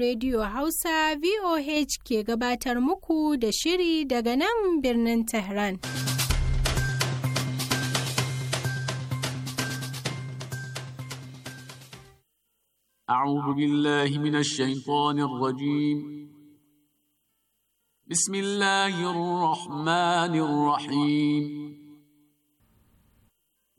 Radiyo Hausa VOH ke gabatar muku da shiri daga nan birnin tehran A'a bugi Lahi mina shi a yi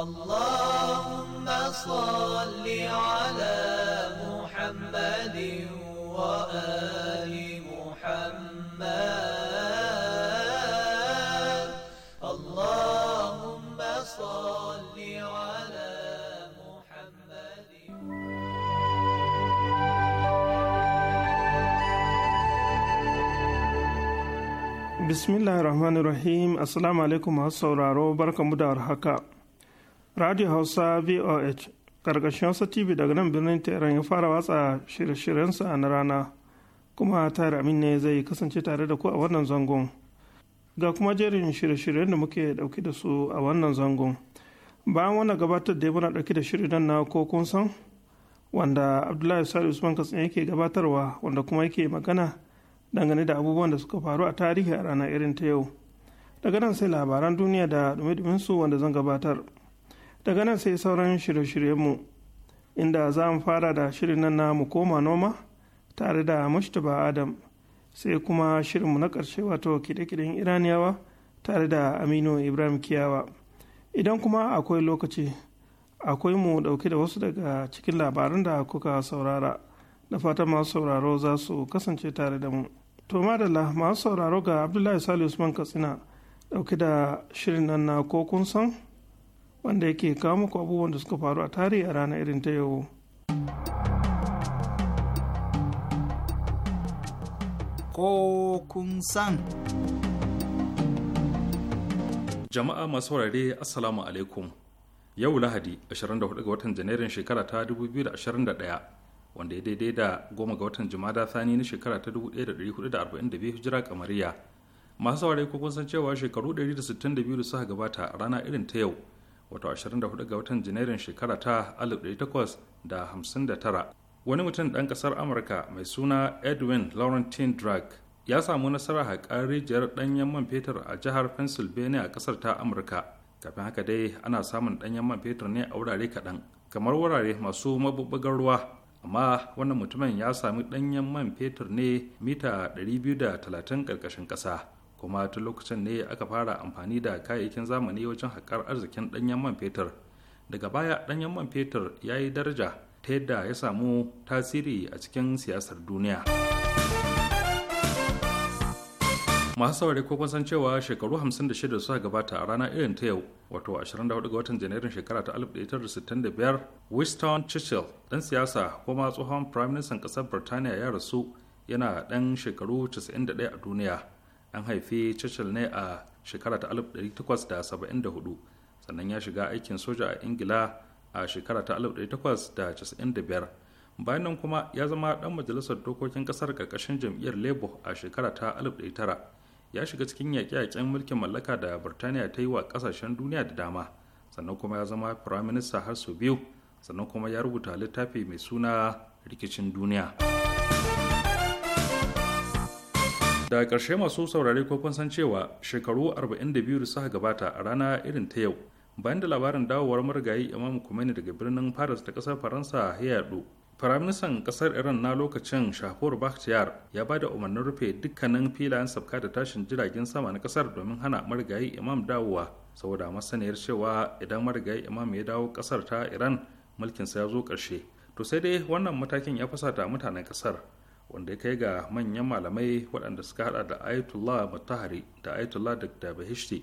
اللهم صل على محمد وآل محمد اللهم صل على محمد بسم الله الرحمن الرحيم السلام عليكم ورحمه الله وبركاته radio hausa voh ƙarƙashin hausa tv daga nan birnin tehran ya fara watsa shirye-shiryensa na rana kuma tare amin ne zai kasance tare da ku a wannan zangon ga kuma jerin shirye-shiryen da muke dauki da su a wannan zangon bayan wannan gabatar da muna dauki da shirin na ko kun san wanda abdullahi sari usman katsina yake gabatarwa wanda kuma yake magana dangane da abubuwan da suka faru a tarihi a ranar irin ta yau daga nan sai labaran duniya da dumi su wanda zan gabatar daga nan sai sauran shirye-shiryenmu inda za mu fara da shirin nan na mu koma noma tare da mushtaba adam sai kuma shirinmu na ƙarshe wato kide-kiden iraniyawa tare da aminu ibrahim kiyawa idan kuma akwai lokaci akwai mu ɗauke da wasu daga cikin labaran da kuka saurara da fata masu sauraro za su kasance tare da mu to madalla masu sauraro ga abdullahi sali usman katsina ɗauke da shirin nan na ko kun san wanda yake kawo muku abubuwan da suka faru a tarihi a ranar irin ta yau ko kun san jama'a masu wurare, assalamu alaikum yau lahadi 24 ga watan janairun shekara ta 2021 wanda ya daidai da goma ga watan jumada thani na shekara ta 1442 hijira kamariya masu saurare ko kun san cewa shekaru 162 da suka gabata rana irin ta yau wato 24 ga watan janairun shekara ta 1859 wani mutum ɗan ƙasar amurka mai suna edwin laurentine drag ya samu nasara haƙar rijiyar ɗanyen man fetur a jihar pennsylvania a ƙasar ta amurka kafin haka dai ana samun ɗanyen man fetur ne a wurare kaɗan kamar wurare masu mabubbugar ruwa amma wannan mutumin ya sami ɗanyen man fetur ne mita 230 ƙarƙashin ƙasa kuma tun lokacin ne aka fara amfani da kayayyakin zamani wajen haƙar arzikin ɗanyen man fetur daga baya ɗanyen man fetur ya yi daraja ta yadda ya samu tasiri a cikin siyasar duniya masu saurari ko kun san cewa shekaru 56 suka gabata a rana irin ta yau wato 24 ga watan janairun shekara ta 1965 winston churchill ɗan siyasa kuma tsohon prime minister ƙasar birtaniya ya rasu yana ɗan shekaru 91 a duniya an haifi churchill ne a shekara ta 1874 sannan ya shiga aikin soja a ingila a shekara ta 1895 bayan nan kuma ya zama dan majalisar dokokin kasar karkashin jam'iyyar labour a shekara ta 1900 ya shiga cikin yaƙe-yaƙen mulkin mallaka da birtaniya ta yi wa ƙasashen duniya da dama sannan kuma ya zama firaminista har sau biyu sannan kuma ya rubuta littafi mai suna rikicin duniya. da ƙarshe masu saurare ko kun san cewa shekaru 42 da suka gabata a rana irin ta yau bayan da labarin dawowar marigayi imam Khomeini daga birnin paris da kasar faransa ya yadu firaministan ƙasar iran na lokacin Shahur bakhtiyar ya ba da umarnin rufe dukkanin filayen sabka da tashin jiragen sama na ƙasar domin hana marigayi imam dawowa saboda masaniyar cewa idan marigayi imam ya dawo ƙasar ta iran mulkinsa ya zo ƙarshe to sai dai wannan matakin ya fasata mutanen ƙasar wanda ya kai ga manyan malamai waɗanda suka hada da ayatollah mutahari da ayatollah da dabahishti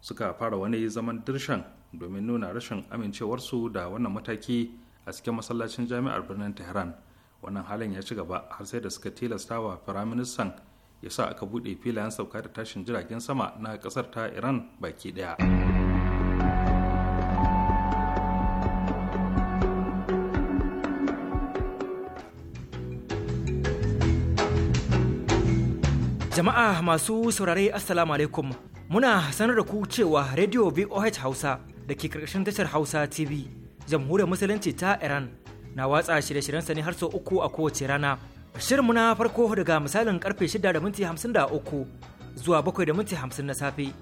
suka fara wani zaman dirshan domin nuna rashin amincewarsu da wannan mataki a cikin masallacin jami'ar birnin tehran wannan halin ya ci gaba har sai da suka tilasta wa firaministan ya sa aka buɗe filayen sauka da tashin jiragen sama na ƙasar ta iran baki ɗaya. Jama'a masu saurare Assalamu alaikum muna sanar da ku cewa Radio VOH Hausa da ke karkashin tashar Hausa TV jamhuriyar musulunci ta Iran na watsa shirye-shiryen Sani har sau uku a kowace rana. Shirinmu na farko daga misalin karfe 6:53 zuwa bakwai da na safe.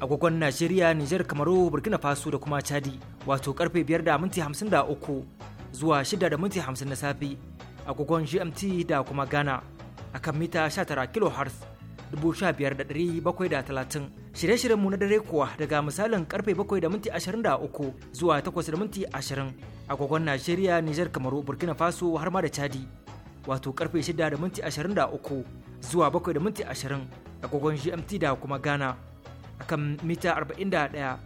Agogon Najeriya, Nijar, Kamaru, Burkina Faso da kuma Chadi wato karfe biyar da minti hamsin da zuwa 6:50 na safe. Agogon GMT da kuma Ghana akan mita 19 kHz 15730. Shirye-shiryenmu na dare kuwa daga misalin karfe 7:23 zuwa 8:20 a minti Najeriya, Nijar, Kamaru, Burkina Faso har ma da Chadi. Wato karfe 6:23 zuwa 7:20 a minti GMT da kuma Ghana. Akan mita 41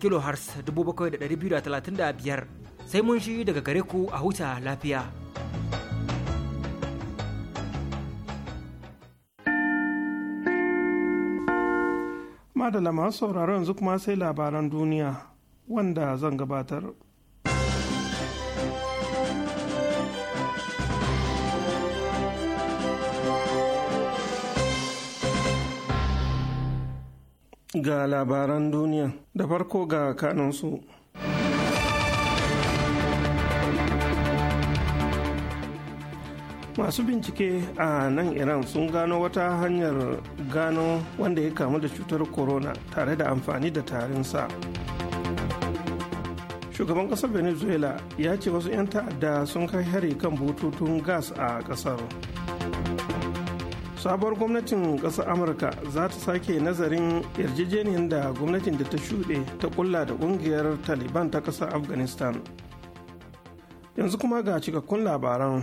kilohertz 7235 sai mun shi daga gare ku a huta lafiya. Madala masu sauraron yanzu kuma sai labaran duniya wanda zan gabatar. Ga labaran duniya da farko ga kanansu. masu bincike a nan iran sun gano wata hanyar gano wanda ya kamu da cutar corona tare da amfani da tarinsa shugaban kasar venezuela ya ce wasu 'yan ta'adda sun kai hari kan bututun gas a kasar sabuwar gwamnatin kasar amurka za ta sake nazarin yarjejeniyar da gwamnatin da ta shuɗe ta kulla da ƙungiyar taliban ta kasar afghanistan yanzu kuma ga cikakkun labaran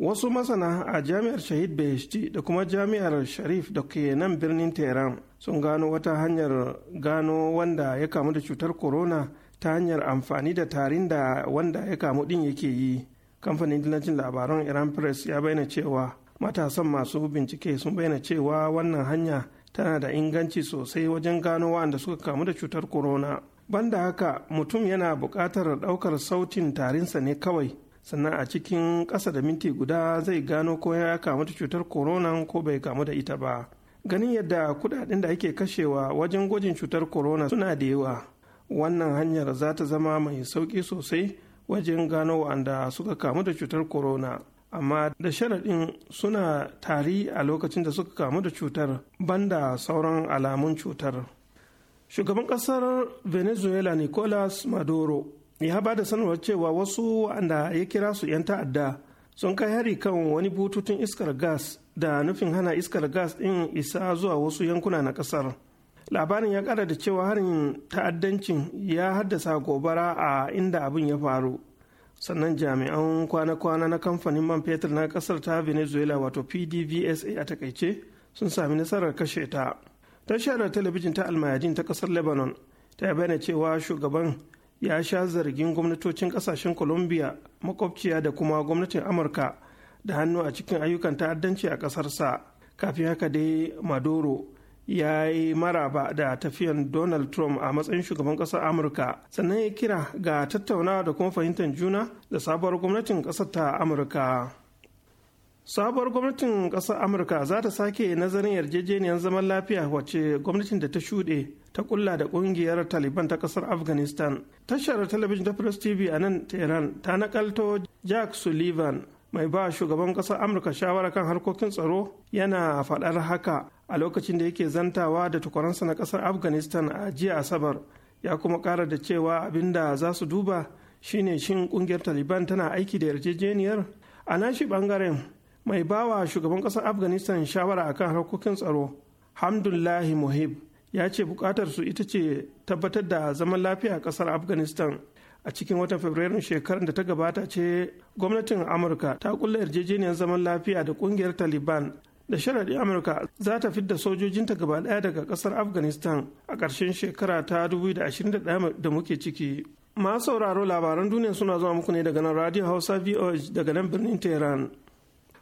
wasu masana a jami'ar shahid beheshti da kuma jami'ar sharif da ke nan birnin tehran sun gano wata hanyar gano wanda ya kamu da cutar corona ta hanyar amfani da tarin da wanda ya kamu din yake yi kamfanin dinajin labaran iran press ya bayyana cewa matasan masu bincike sun bayyana cewa wannan hanya tana da inganci sosai wajen gano waɗanda suka kamu da cutar corona banda haka mutum yana buƙatar ɗaukar sautin tarinsa ne kawai sannan a cikin ƙasa da minti guda zai gano ko ya kamu da cutar corona ko bai kamu da ita ba ganin yadda kudaden da ake kashewa wajen gwajin cutar corona suna da yawa wannan hanyar za ta zama mai sauƙi sosai wajen gano wanda suka kamu da cutar corona amma da sharaɗin suna tari a lokacin da suka kamu da cutar banda sauran alamun cutar shugaban ƙasar venezuela nicolas maduro ya ba da sanarwar cewa wasu wanda ya kira su 'yan ta'adda sun kai hari kan wani bututun iskar gas da nufin hana iskar gas ɗin isa zuwa wasu yankuna na ƙasar. labarin ya kara da cewa harin ta'addancin ya haddasa gobara a inda abin ya faru sannan jami'an kwana-kwana na kamfanin man fetur na kasar ta venezuela wato pdvsa a takaice sun sami nasarar kashe ta tashar talabijin ta almayadin ta kasar lebanon ta bayyana cewa shugaban ya sha zargin gwamnatocin kasashen colombia makwabciya da kuma gwamnatin amurka da hannu a cikin ayyukan ta'addanci a ƙasarsa kafin haka dai maduro ya yi maraba da tafiyan donald trump a matsayin shugaban ƙasar amurka sannan ya kira ga tattaunawa da kuma fahimtar juna da sabuwar gwamnatin ƙasar ta amurka sabuwar gwamnatin ƙasar amurka za ta sake nazarin yarjejeniyar zaman lafiya wacce gwamnatin da ta shuɗe ta kulla da ƙungiyar taliban ta ƙasar afghanistan tashar talabijin ta press tv a nan tehran ta nakalto jack sullivan mai ba shugaban ƙasar amurka shawara kan harkokin tsaro yana faɗar haka a lokacin da yake zantawa da tukuransa na ƙasar afghanistan a jiya asabar ya kuma ƙara da cewa abin da za su duba shine shin ƙungiyar taliban tana aiki da yarjejeniyar a nashi ɓangaren mai bawa shugaban ƙasar afghanistan shawara akan harkokin tsaro hamdullahi muhib ya ce bukatar su ita ce tabbatar da zaman lafiya a ƙasar afghanistan a cikin watan fabrairun shekarar da ta gabata ce gwamnatin amurka ta kulla yarjejeniyar zaman lafiya da kungiyar taliban da sharadi amurka za ta fidda sojojinta gaba ɗaya daga ƙasar afghanistan a ƙarshen shekara ta 2021 da muke ciki masu sauraro labaran duniya suna zuwa muku ne daga nan radio hausa voh daga nan birnin tehran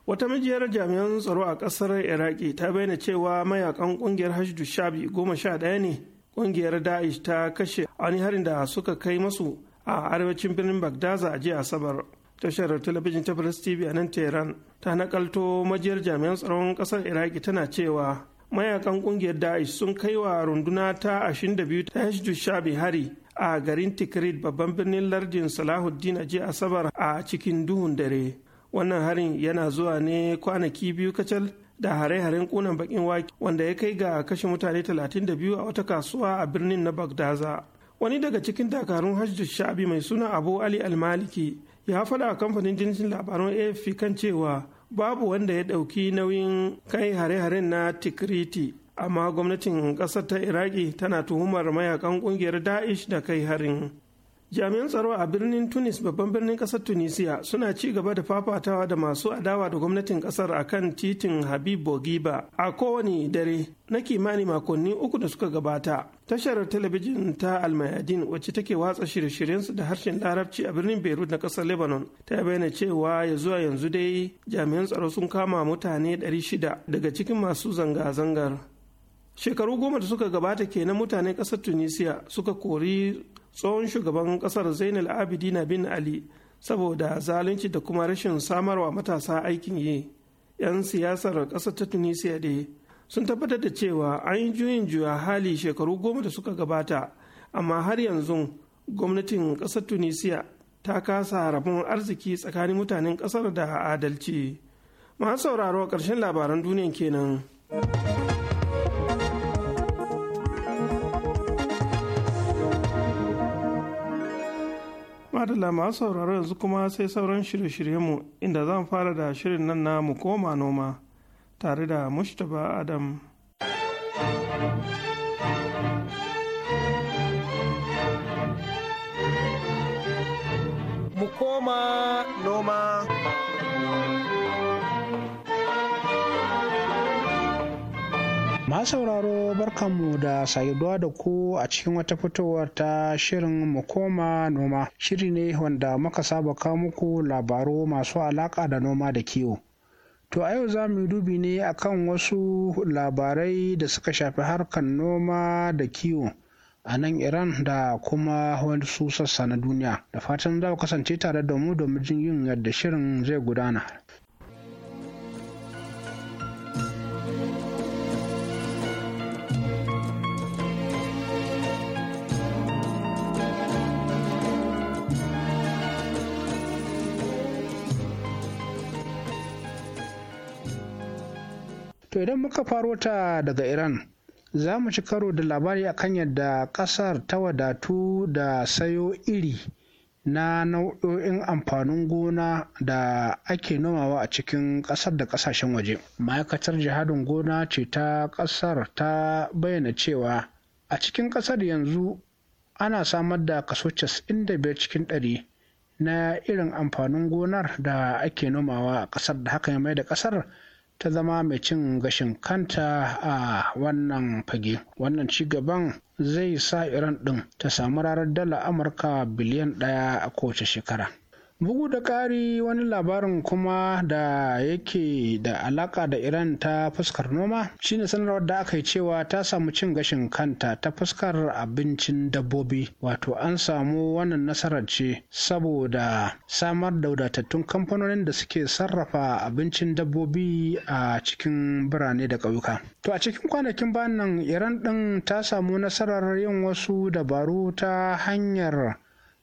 wata majiyar jami'an tsaro a kasar iraki ta bayyana cewa mayakan kungiyar hashdu shabi goma sha ɗaya ne kungiyar da'ish ta kashe wani harin da suka kai masu a arewacin birnin bagdaza a jiya asabar tashar talabijin ta press tv a nan tehran ta nakalto majiyar jami'an tsaron kasar iraki tana cewa mayakan kungiyar da'ish sun kai wa runduna ta Ashirin da biyu ta hashdu shabi hari a garin tikrit babban birnin lardin salahuddin a jiya asabar a cikin duhun dare wannan harin yana zuwa ne kwanaki biyu kacal da hare-haren kunan bakin wake wanda ya kai ga kashe mutane 32 a wata kasuwa a birnin na bagdaza wani daga cikin dakarun hajji sha'abi mai suna abu ali almaliki ya faɗa a kamfanin jinsin labaran afp kan cewa babu wanda ya ɗauki nauyin kai hare-haren na tikriti amma gwamnatin ƙasar ta iraki tana tuhumar mayakan ƙungiyar da'ish da kai harin jami'an tsaro a birnin tunis babban birnin kasar tunisia suna ci gaba da fafatawa da masu adawa da gwamnatin kasar kan titin habib bogiba a kowane dare na kimanin makonni uku da suka gabata tashar talabijin ta almayadin wacce take watsa shirye-shiryensu da harshen larabci a birnin beirut na kasar lebanon ta bayyana cewa ya zuwa yanzu dai jami'an tsaro sun kama mutane 600 daga cikin masu zanga-zangar shekaru goma da suka gabata kenan mutanen kasar tunisia suka kori tsohon shugaban kasar zainal abidina bin ali saboda zalunci da kuma rashin samarwa matasa aikin yi 'yan siyasar ƙasar ta tunisia da sun tabbatar da cewa an yi juyin juya hali shekaru goma da suka gabata amma har yanzu gwamnatin ƙasar tunisia ta kasa rabon arziki tsakanin mutanen ƙasar da adalci masu sauraro ƙarshen labaran duniya kenan. Madalla masu sauraro yanzu kuma sai sauran shirye-shiryenmu inda zan fara da shirin nan na mu koma noma tare da Mustapha Adam. Mu koma noma. barkanmu da saduwa da ku a cikin wata fitowar ta shirin mu koma noma shiri ne wanda muka saba kawo muku labaru masu alaƙa da noma da kiwo to a yau za mu yi dubi ne akan wasu labarai da suka shafi harkar noma da kiwo a nan iran da kuma wasu sassa na duniya da fatan za ku kasance tare da mu domin jin yadda shirin zai gudana to idan muka faro ta daga iran za mu ci karo da labari a kan yadda ƙasar ta wadatu da sayo iri na nau'o'in amfanin gona da ake nomawa a cikin ƙasar da ƙasashen waje ma'aikatar jihadin gona ce ta ƙasar ta bayyana cewa a cikin ƙasar yanzu ana samar da kaso 95 cikin ɗari na irin amfanin gonar da ake nomawa a ƙasar da haka ya mai da ƙasar ta zama mai cin gashin kanta a wannan fage wannan ci gaban zai sa iran ɗin ta samu rarar dala amurka biliyan ɗaya a kowace shekara bugu da ƙari wani labarin kuma da yake da alaƙa da iran ta fuskar noma shine sanarwar da aka yi cewa ta samu cin gashin kanta ta fuskar abincin dabbobi wato an samu wannan nasarar ce saboda samar da wadatattun kamfanonin da suke sarrafa abincin dabbobi a cikin birane da ƙauyuka to a cikin kwanakin bayan nan iran ɗin ta samu nasarar yin wasu dabaru ta hanyar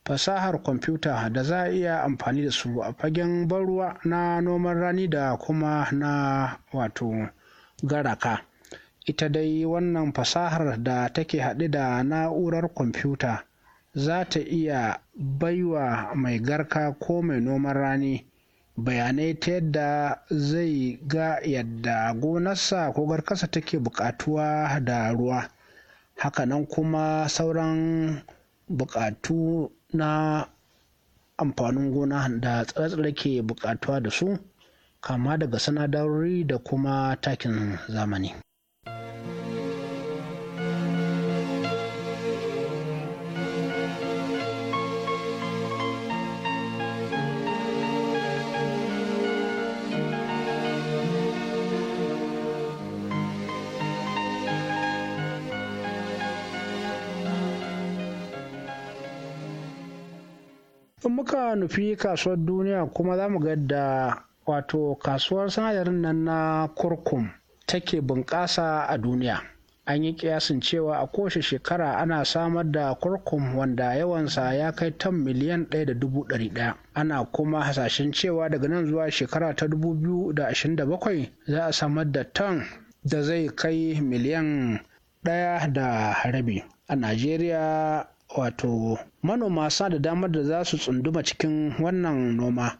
fasahar kwamfuta da za a iya amfani da su a fagen ruwa na noman rani da kuma na wato garaka ita dai wannan fasahar da take haɗe da na'urar kwamfuta za ta iya baiwa mai garka ko mai noman rani bayanai ta yadda zai ga yadda gonarsa ko garkasa take buƙatuwa da ruwa hakanan kuma sauran buƙatu na amfanin gona da tsare-tsare ke buƙatuwa da su kama daga sanadarori da kuma takin zamani. in muka nufi kasuwar duniya kuma za mu ga da wato kasuwar sinadarin nan na kurkum take bunƙasa a duniya an yi kiyasin cewa a kowace shekara ana samar da kurkum wanda yawansa ya kai tan miliyan ɗaya da dubu ɗari ɗaya ana kuma hasashen cewa daga nan zuwa shekara ta dubu biyu da ashirin da bakwai za a samar da tan da zai kai miliyan ɗaya da rabi a najeriya wato manoma sa da damar da za su tsunduma cikin wannan noma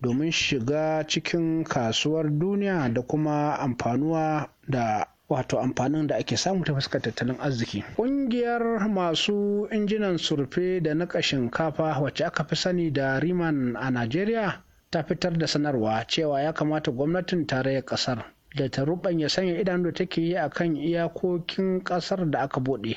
domin shiga cikin kasuwar duniya da kuma amfanuwa da wato amfanin da ake samu ta fuskar tattalin arziki. Ƙungiyar masu injinan surfe da niƙa shinkafa wacce aka fi sani da Riman a Najeriya ta fitar da sanarwa cewa ya kamata gwamnatin tarayyar ƙasar da ta ruɓanya sanya idanu da take yi a kan iyakokin ƙasar da aka buɗe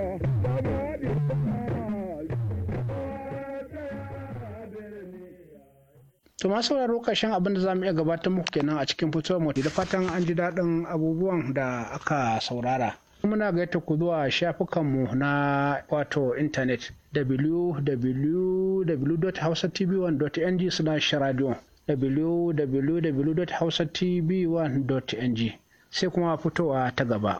To ma sauraro ƙarshen abin da za mu iya gabatar muku kenan a cikin fitowar mu da fatan an ji daɗin abubuwan da aka saurara. Muna gaita ku zuwa shafukanmu na wato intanet www.hausatv1.ng/radio www.hausatv1.ng sai kuma fitowa ta gaba.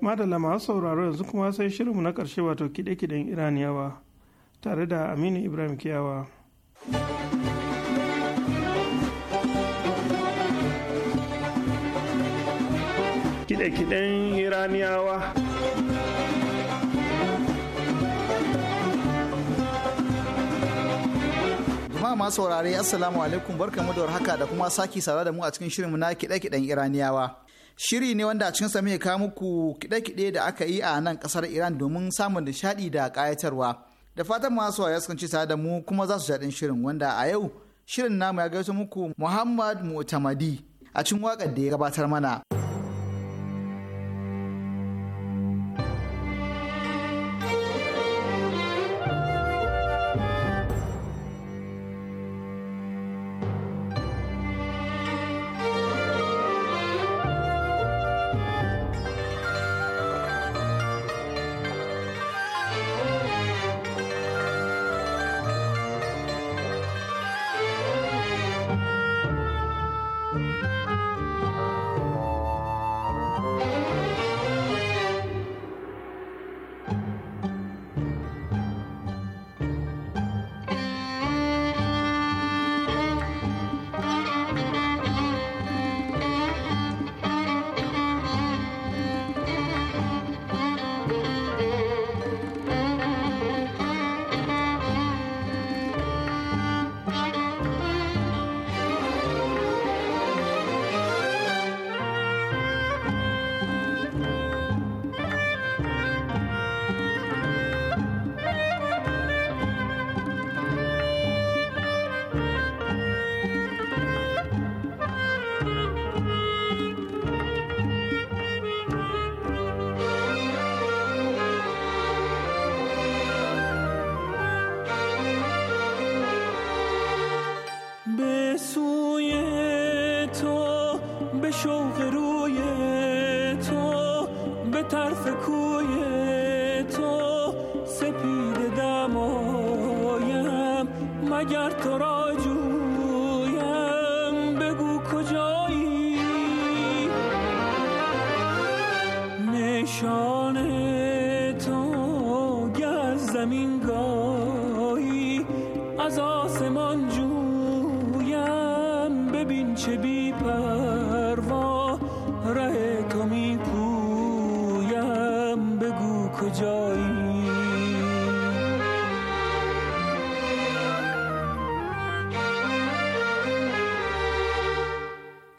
madalla masu sauraro yanzu kuma sai shirinmu na ƙarshe wato kiɗe-kiɗen iraniyawa tare da aminu ibrahim kiyawa kide-kiden iraniyawa jama'a saurare assalamu alaikum barkamu da warhaka da kuma saki saurare da mu a cikin shirinmu na kiɗe-kiɗen iraniyawa shiri ne wanda a cikin sa ya kawo muku kide-kide da aka yi a nan kasar Iran domin samun nishadi da kayatarwa. Da fatan masu waya sun ci tare da mu kuma za su jaɗin shirin wanda a yau shirin namu ya gaisa muku Muhammad Mu'tamadi a cikin wakar da ya gabatar mana.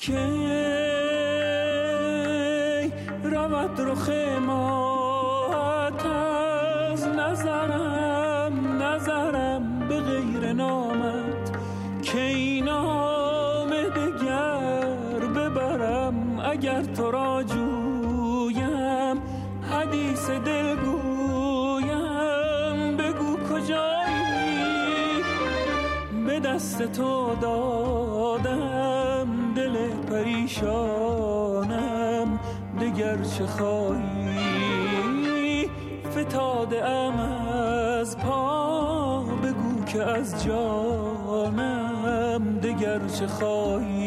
کی رود رخ ما از نظرم نظرم به غیر نامت کی نام دگر ببرم اگر تو را جویم حدیث دلگویم بگو کجایی به دست تو دار پریشانم دگر چه خواهی فتاده ام از پا بگو که از جانم دگر چه خواهی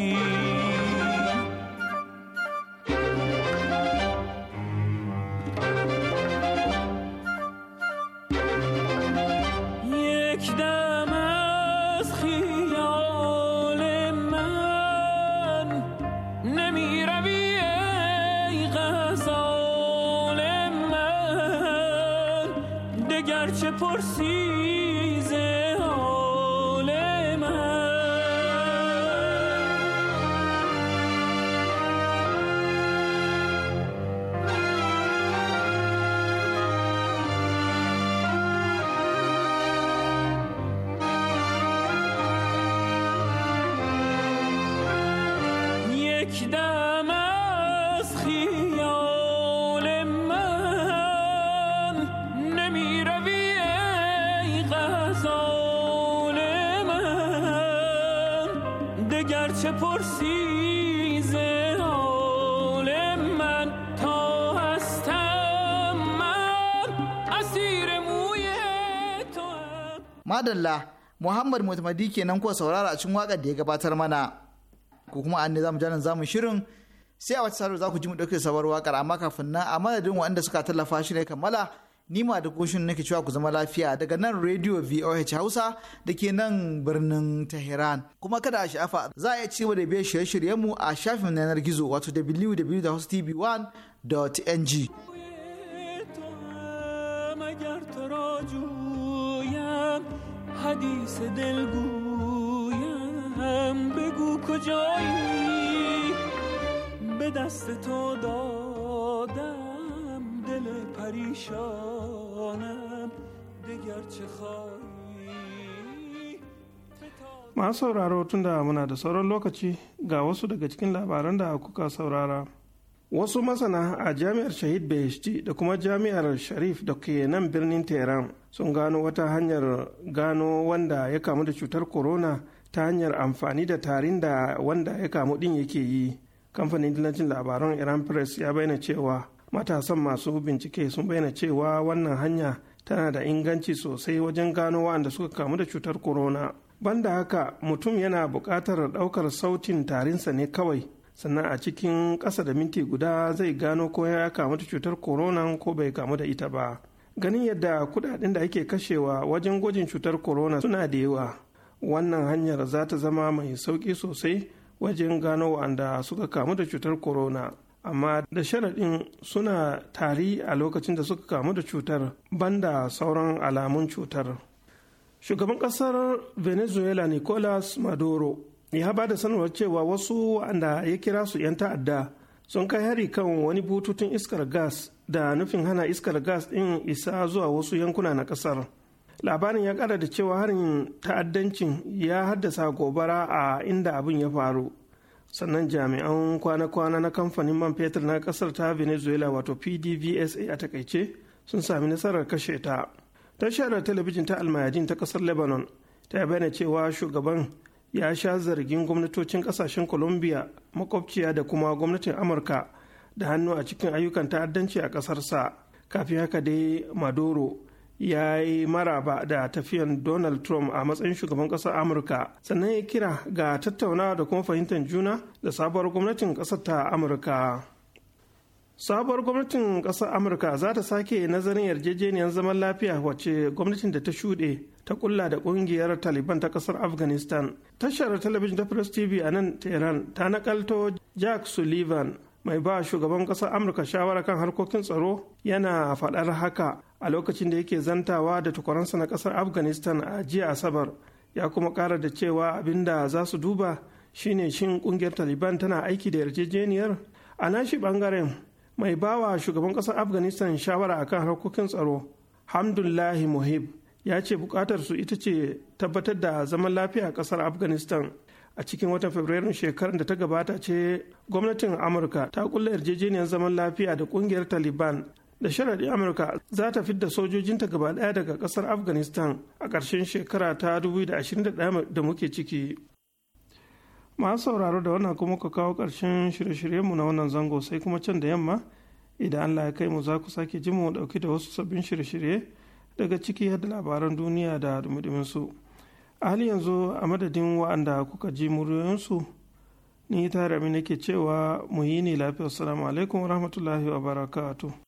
por si. madalla muhammad mutumadi kenan ko saurara a cikin wakar da ya gabatar mana ko kuma an ne zamu janin zamu shirin sai a wata sarar za ku ji mu ɗauke sabar waƙar amma kafin nan a madadin waɗanda suka tallafa shi ne kammala ni ma da goshin nake cewa ku zama lafiya daga nan radio VOH Hausa da ke nan birnin Tehran kuma kada a sha'afa za a iya ci da biyan shirye-shiryen mu a shafin yanar gizo wato www.hostv1.ng حدیث دلگویم بگو کجایی به دست تو دادم دل پریشانم دگر چه خواهی ما سوراروتون دا امون ادسارو لوکچی گاوسو دگچکین لا بارن دا کوکا سورارا wasu masana a jami'ar shahid bht da kuma jami'ar sharif da ke nan birnin tehran sun gano wata hanyar gano wanda ya kamu da cutar corona ta hanyar amfani da tarin da wanda ya kamu din yake yi kamfanin dinajin labaran iran press ya bayyana cewa matasan masu bincike sun bayyana cewa wannan hanya tana da inganci sosai wajen gano waɗanda suka kamu da cutar corona banda haka mutum yana buƙatar ɗaukar sautin tarinsa ne kawai sannan a cikin ƙasa da minti guda zai gano ko ya kamu da cutar corona ko bai kamu da ita ba ganin yadda kudaden da ake kashewa wajen gwajin cutar corona suna da yawa wannan hanyar za ta zama mai sauƙi sosai wajen gano wanda suka kamu da cutar corona amma da sharaɗin suna tari a lokacin da suka kamu da cutar banda sauran alamun cutar shugaban ƙasar venezuela nicolas maduro ya ba da sanarwar cewa wasu wanda ya kira su 'yan ta'adda sun kai hari kan wani bututun iskar gas da nufin hana iskar gas ɗin isa zuwa wasu yankuna na ƙasar. labarin ya kara da cewa harin ta'addancin ya haddasa gobara a inda abin ya faru sannan jami'an kwana-kwana na kamfanin man fetur na kasar ta venezuela wato pdvsa a takaice sun sami nasarar kashe ta tashar talabijin ta almayadin ta kasar lebanon ta bayyana cewa shugaban ya sha zargin gwamnatocin kasashen colombia makwabciya da kuma gwamnatin amurka da hannu a cikin ayyukan ta'addanci a ƙasarsa kafin haka dai maduro ya yi maraba da tafiyan donald trump a matsayin shugaban ƙasar amurka sannan ya kira ga tattaunawa da kuma fahimtar juna da sabuwar gwamnatin ƙasar ta amurka sabuwar gwamnatin ƙasar amurka za ta sake nazarin yarjejeniyar zaman lafiya wacce gwamnatin da ta shuɗe ta kulla da ƙungiyar taliban ta ƙasar afghanistan tashar talabijin ta press tv a nan tehran ta nakalto jack sullivan mai ba shugaban ƙasar amurka shawara kan harkokin tsaro yana faɗar haka a lokacin da yake zantawa da tukuransa na ƙasar afghanistan a jiya asabar ya kuma ƙara da cewa abin da za su duba shine shin ƙungiyar taliban tana aiki da yarjejeniyar a nashi bangaren. mai bawa shugaban ƙasar afghanistan shawara akan harkokin tsaro hamdullahi muhib ya ce bukatar su ita ce tabbatar da zaman lafiya a ƙasar afghanistan a cikin watan fabrairun shekarar da ta gabata ce gwamnatin amurka ta kulla yarjejeniyar zaman lafiya da kungiyar taliban da sharadi amurka za ta fidda sojojinta gaba ɗaya daga ƙasar afghanistan a ƙarshen shekara ta 2021 da muke ciki masu sauraro da wannan kuma ka kawo ƙarshen shirye-shiryenmu na wannan zango sai kuma can da yamma idan allah ya kai mu za ku sake ji mu ɗauki da wasu sabbin shirye-shirye daga ciki da labaran duniya da dumudumin su a hali yanzu a madadin wa'anda kuka ji muryoyinsu ni tare nake cewa mu yi ne lafiya assalamu alaikum warahmatullahi wabarakatuh